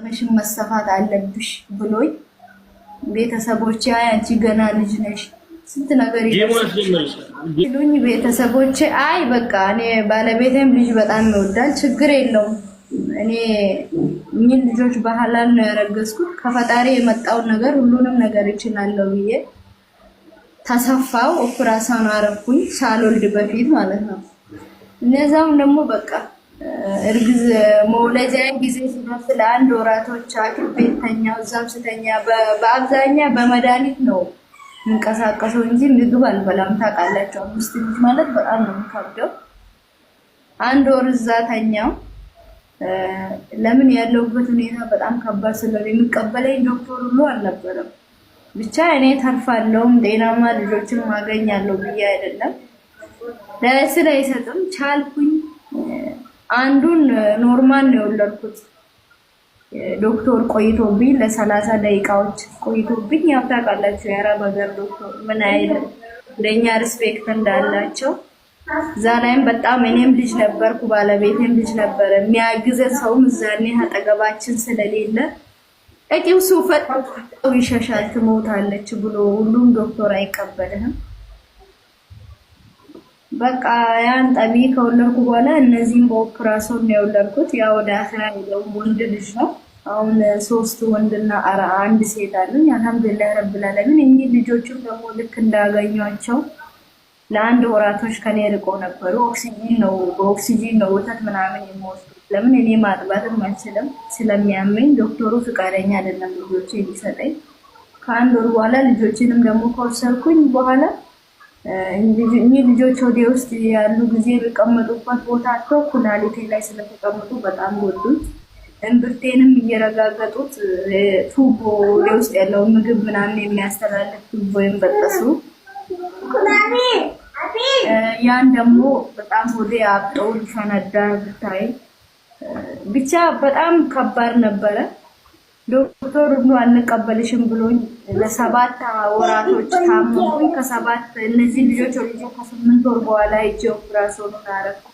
ቁመሽን መሰፋት አለብሽ ብሎኝ ቤተሰቦች አይ አንቺ ገና ልጅ ነሽ ስንት ነገር ይሉኝ ቤተሰቦች። አይ በቃ እኔ ባለቤቴም ልጅ በጣም ይወዳል ችግር የለውም እኔ እኚህን ልጆች ባህላል ነው ያረገዝኩት ከፈጣሪ የመጣውን ነገር ሁሉንም ነገር ይችላለሁ ብዬ ተሰፋው ኦፕራሳን አረኩኝ ሳልወልድ በፊት ማለት ነው እነዛም ደግሞ በቃ እርግዝ መውለጃ ጊዜ ሲደርስ ለአንድ ወራቶች ሐኪም ቤት እዛም ስተኛ በአብዛኛ በመድኃኒት ነው የምንቀሳቀሰው እንጂ ምግብ አልበላም። ታውቃላቸው አምስት ልጅ ማለት በጣም ነው የሚከብደው። አንድ ወር እዛ ተኛው። ለምን ያለውበት ሁኔታ በጣም ከባድ ስለሆነ የሚቀበለኝ ዶክተር ሁሉ አልነበረም። ብቻ እኔ ተርፋለሁም ጤናማ ልጆችን ማገኛለሁ ብዬ አይደለም ለስራ አይሰጥም ቻልኩኝ አንዱን ኖርማል ነው የወለድኩት። ዶክተር ቆይቶብኝ ለሰላሳ ደቂቃዎች ቆይቶብኝ፣ ያው ታውቃላችሁ የአረብ ሀገር ዶክተር ምን አይልም ለእኛ ሪስፔክት እንዳላቸው እዛ ላይም በጣም እኔም ልጅ ነበርኩ ባለቤቴም ልጅ ነበረ። የሚያግዘ ሰውም እዛኔ አጠገባችን ስለሌለ እቂው ሱፈጥ ይሸሻል ትሞታለች ብሎ ሁሉም ዶክተር አይቀበልህም። በቃ ያን ጠቢ ከወለድኩ በኋላ እነዚህም በኦፕራሶን ነው የወለድኩት። ያ ወደ አስራ ያለው ወንድ ልጅ ነው። አሁን ሶስት ወንድና አንድ ሴት አለኝ። አልሐምዱሊላህ ረብል ዓለሚን። እኚህ ልጆችም ደግሞ ልክ እንዳገኟቸው ለአንድ ወራቶች ከኔ ርቀው ነበሩ። ኦክሲጂን ነው በኦክሲጂን ነው ወተት ምናምን የምወስዱት። ለምን እኔ ማጥባትም አልችልም ስለሚያመኝ፣ ዶክተሩ ፍቃደኛ አይደለም ልጆቼ ሊሰጠኝ። ከአንድ ወር በኋላ ልጆችንም ደግሞ ከወሰድኩኝ በኋላ እኒህ ልጆች ወዲ ውስጥ ያሉ ጊዜ የሚቀመጡበት ቦታቸው ኩላሊቴ ላይ ስለተቀመጡ በጣም ጎዱት። እምብርቴንም እየረጋገጡት ቱቦ ወዲ ውስጥ ያለው ምግብ ምናምን የሚያስተላልፍ ቱቦ ይንበጠሱ። ያን ደግሞ በጣም ወደ አብጦ ፈነዳ ብታይ ብቻ በጣም ከባድ ነበረ። ዶክተር ብሎ አንቀበልሽም ብሎኝ ለሰባት ወራቶች ታመምኩኝ። ከሰባት እነዚህ ልጆች ወልጄ ከስምንት ወር በኋላ ሂጄ ኦፕራሲዮኑን አደረኩ።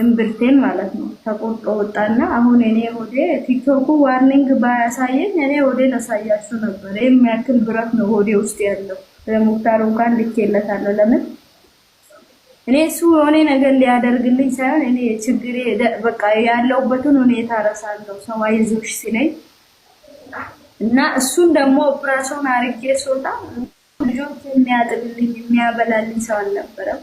እምብርቴን ማለት ነው ተቆርጦ ወጣና አሁን እኔ ሆዴ ቲክቶኩ ዋርኒንግ ባያሳየኝ እኔ ወደ ላሳያችሁ ነበር። የሚያክል ብረት ነው ሆዴ ውስጥ ያለው ለሙክታር እንኳን ልኬለታለሁ። ለምን እኔ እሱ የሆነ ነገር ሊያደርግልኝ ሳይሆን እኔ ችግሬ በቃ ያለውበትን ሁኔታ እረሳለሁ። ሰው አይዞሽ ሲለኝ እና እሱን ደግሞ ኦፕራሽን አርጌ ስወጣ ልጆች የሚያጥብልኝ የሚያበላልኝ ሰው አልነበረም።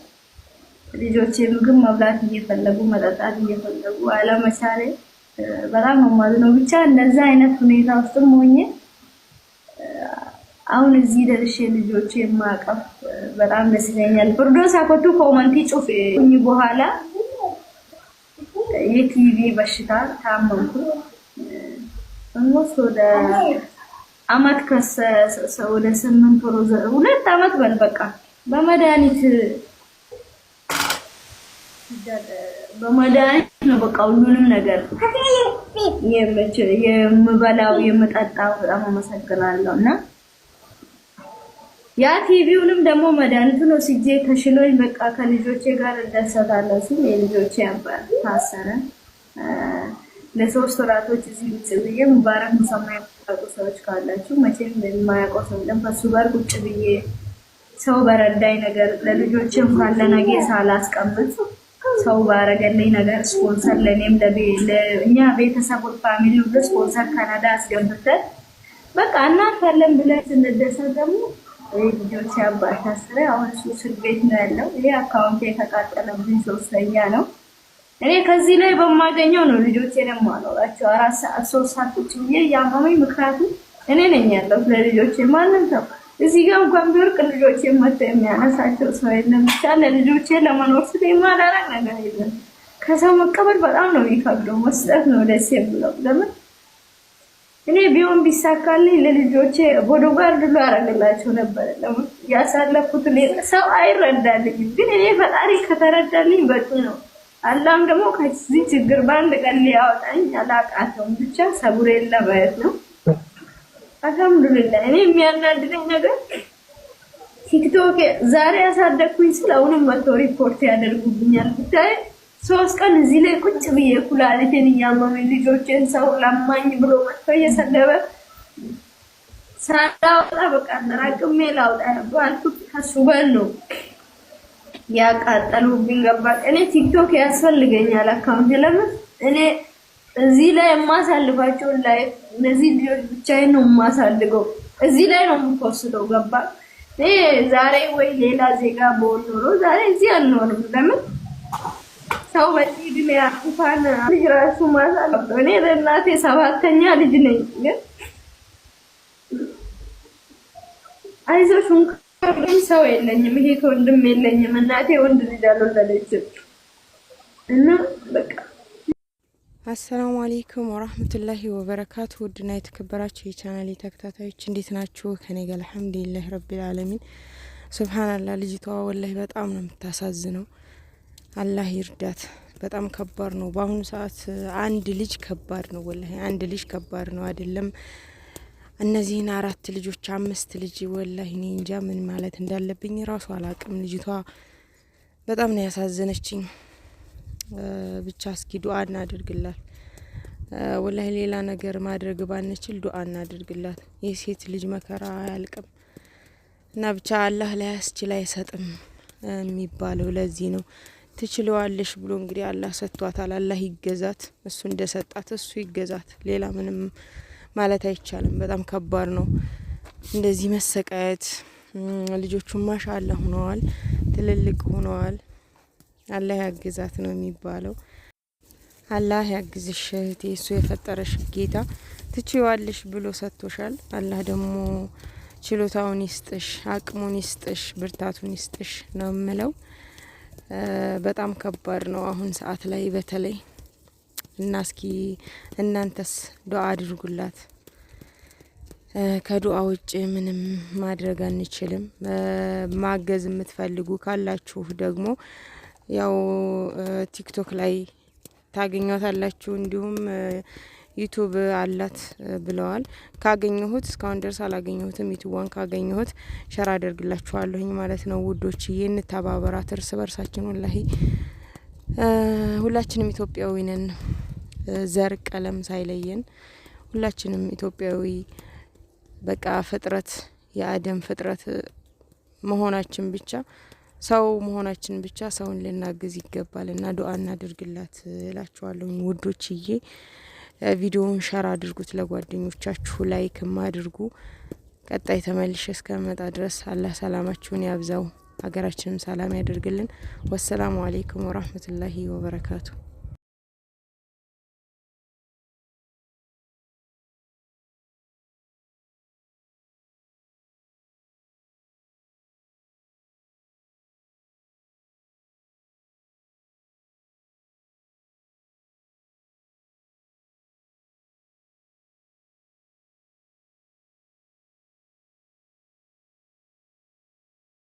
ልጆች ምግብ መብላት እየፈለጉ መጠጣት እየፈለጉ አለመቻሌ በጣም መማዝ ነው። ብቻ እንደዛ አይነት ሁኔታ ውስጥም ሆኜ አሁን እዚህ ደርሼ ልጆች የማቀፍ በጣም ደስ ይለኛል። ፍርዶስ አኮቱ ኮመንቲ ጩፍ ኝ በኋላ የቲቪ በሽታ ታመምኩ። እንሞስ ወደ አመት ከሰ ወደ ስምንት ወር ሁለት አመት በል በቃ በመድኃኒት በመድኃኒት ነው በቃ ሁሉንም ነገር የምበላው የምጠጣው በጣም አመሰግናለሁ እና ያ ቲቪውንም ደግሞ ነው ሲጄ ተሽሎኝ በቃ ከልጆቼ ጋር እንደሰታለሁ ሲል የልጆቼ አባት ታሰረ። ለሶስት ወራቶች እዚህ ውጭ ብዬ ሙባረክ ሙሰማ ያቁ ሰዎች ካላችሁ መቼም የማያውቀው ሰው የለም። ከሱ ጋር ቁጭ ብዬ ሰው በረዳኝ ነገር ለልጆች እንኳን ለነገ ሳላስቀምጥ ሰው ባረገልኝ ነገር ስፖንሰር ለእኔም ለእኛ ቤተሰብ ፋሚሊ ሁሉ ስፖንሰር ካናዳ አስገብተን በቃ እናት ብለን ስንደሰት ደግሞ ልጆች አባት ታስረ አሁን እሱ እስር ቤት ነው ያለው። ይሄ አካውንት የተቃጠለብኝ ሶስተኛ ነው። እኔ ከዚህ ላይ በማገኘው ነው ልጆቼን የማኖራቸው። አራት ሰዓት ሶስት ሰዓት ቁጭ ብዬ እያመመኝ፣ እኔ ነኝ ለልጆቼ። ማንም ሰው እዚህ ጋር እንኳን ቢወርቅ ልጆቼ መጥቶ የሚያነሳቸው ሰው የለም። ብቻ ለልጆቼ ለመኖር ስለ ነገር የለም። ከሰው መቀበል በጣም ነው የሚከብደው። መስጠት ነው ደስ የምለው ለምን እኔ ቢሆን ቢሳካልኝ ለልጆቼ ቦዲጋርድ ሁሉ አደርግላቸው ነበር። ያሳለፍኩት ሌላ ሰው አይረዳልኝም፣ ግን እኔ ፈጣሪ ከተረዳልኝ በቂ ነው። አላም ደግሞ ከዚህ ችግር በአንድ ቀን ሊያወጣኝ አላቃተውም። ብቻ ሰጉሬን ለማየት ነው። አልሐምዱሊላ። እኔ የሚያናድደኝ ነገር ቲክቶክ ዛሬ ያሳደግኩኝ ስለ አሁንም መቶ ሪፖርት ያደርጉብኛል ብታይ ሶስት ቀን እዚህ ላይ ቁጭ ብዬ ኩላሊቴን እያመመኝ ልጆችን ሰው ለማኝ ብሎ መጥቶ እየሰደበ ሳላወጣ በቃ ተራቅሜ ላውጣ ነበር ከሱ በል ነው ያቃጠሉብኝ። ገባ እኔ ቲክቶክ ያስፈልገኛል አካውንት ለምን እኔ እዚህ ላይ የማሳልፋቸውን ላይ እነዚህ ልጆች ብቻዬን ነው የማሳልገው። እዚህ ላይ ነው የምኮስተው። ገባ ዛሬ ወይ ሌላ ዜጋ በሆን ኖሮ ዛሬ እዚህ አልኖርም። ለምን ሰው በዚህ እድሜ እንኳን ልጅ ራሱ ማሳለፍ ነው። እኔ ለእናቴ ሰባተኛ ልጅ ነኝ፣ ግን አይዞሽ እንኳን ሰው የለኝም፣ እህት ወንድም የለኝም። እናቴ ወንድ ልጅ አልወለደችም እና በቃ አሰላሙ አሌይኩም ወራህመቱላሂ ወበረካቱ። ውድና የተከበራችሁ የቻናሌ ተከታታዮች እንዴት ናችሁ? ከኔ ጋር አልሐምዱሊላህ ረቢል አለሚን። ሱብሃናላህ ልጅቷ ወላሂ በጣም ነው የምታሳዝነው። አላህ ይርዳት። በጣም ከባድ ነው። በአሁኑ ሰዓት አንድ ልጅ ከባድ ነው። ወላሂ አንድ ልጅ ከባድ ነው አይደለም እነዚህን አራት ልጆች አምስት ልጅ ወላሂ እኔ እንጃ ምን ማለት እንዳለብኝ ራሱ አላቅም። ልጅቷ በጣም ነው ያሳዘነችኝ። ብቻ እስኪ ዱአ እናደርግላት ወላሂ ሌላ ነገር ማድረግ ባንችል ዱአ እናደርግላት የሴት ልጅ መከራ አያልቅም እና ብቻ አላህ ላይ ያስችል አይሰጥም የሚባለው ለዚህ ነው። ትችለዋለሽ ብሎ እንግዲህ አላህ ሰጥቷታል። አላህ ይገዛት፣ እሱ እንደሰጣት እሱ ይገዛት። ሌላ ምንም ማለት አይቻልም። በጣም ከባድ ነው እንደዚህ መሰቃየት። ልጆቹ ማሻአላ ሆነዋል፣ ትልልቅ ሆነዋል። አላህ ያግዛት ነው የሚባለው። አላህ ያግዝሽ እህቴ፣ እሱ የፈጠረሽ ጌታ ትችዋለሽ ብሎ ሰጥቶሻል። አላህ ደግሞ ችሎታውን ይስጥሽ፣ አቅሙን ይስጥሽ፣ ብርታቱን ይስጥሽ ነው የምለው። በጣም ከባድ ነው አሁን ሰዓት ላይ በተለይ እና እስኪ እናንተስ ዱአ አድርጉላት። ከዱአ ውጭ ምንም ማድረግ አንችልም። ማገዝ የምትፈልጉ ካላችሁ ደግሞ ያው ቲክቶክ ላይ ታገኛታላችሁ እንዲሁም ዩቱብ አላት ብለዋል። ካገኘሁት እስካሁን ድረስ አላገኘሁትም። ዩቱቧን ካገኘሁት ሸራ አደርግላችኋለሁኝ ማለት ነው ውዶች። ይህን ተባበራት እርስ በርሳችን ወላሂ ሁላችንም ኢትዮጵያዊ ነን። ዘር ቀለም ሳይለየን ሁላችንም ኢትዮጵያዊ በቃ ፍጥረት የአደም ፍጥረት መሆናችን ብቻ ሰው መሆናችን ብቻ ሰውን ልናግዝ ይገባል እና ዱአ እናድርግላት እላችኋለሁ ውዶችዬ። ቪዲዮውን ሸር አድርጉት ለጓደኞቻችሁ፣ ላይክም አድርጉ። ቀጣይ ተመልሼ እስከመጣ ድረስ አላህ ሰላማችሁን ያብዛው፣ ሀገራችንም ሰላም ያደርግልን። ወሰላሙ አሌይኩም ወራህመቱላሂ ወበረካቱ